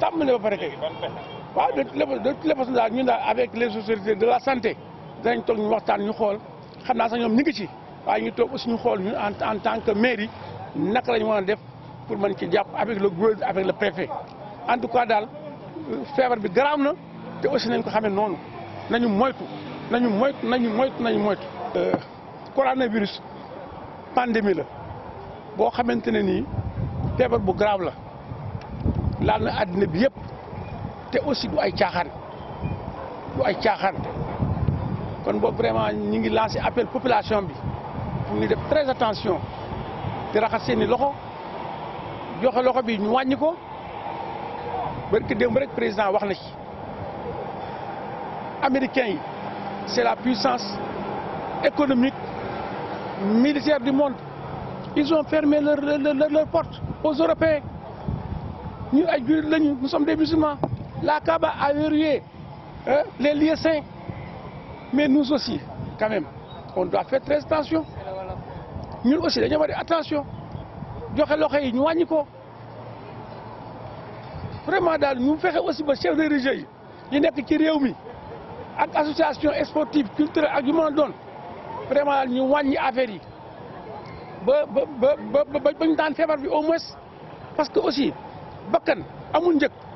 tàmm ne ba pare kay waaw de de façon daal ñun daal avec les sociétés de la santé dinañ toog ñu waxtaan ñu xool xam naa sax ñoom ñu ngi ci waaye ñu toog aussi ñu xool ñun en tant que mairie naka lañu ñu a def pour man ci jàpp avec le gouverneur avec le préfet en tout cas daal euh, feebar bi garaaw na te aussi nañ ko xamee noonu nañu moytu nañu moytu nañu moytu nañu moytu. Euh, coronavirus pandémie la boo xamante ne nii. feebar bu grave la laal na àddina bi yëpp te aussi du ay caaxaan du ay caaxaan kon boobu vraiment ñi ngi lancé appel population bi pour ñu def très attention di raxas seeni loxo joxe loxo bi ñu wàññi ko barki démb rek président wax na ci américains yi c'est la puissance économique militaire du monde ils ont fermé leur leur leur porte aux Européens ñu ay jullit lañu nous sommes des musulmans la Kaaba a verrouillé les lieux saints mais nous aussi quand même on doit faire très attention ñun aussi dañoo war a attention joxe loxo yi ñu wàññi ko vraiment daal ñu fexe aussi ba chef religieux yi ñu nekk ci réew mi ak association sportive culturelle ak yu mën a doon vraiment ñu wàññi affaire yi. ba ba ba ba ñu daan feebar bi au moins parce que aussi bakkan amul njëg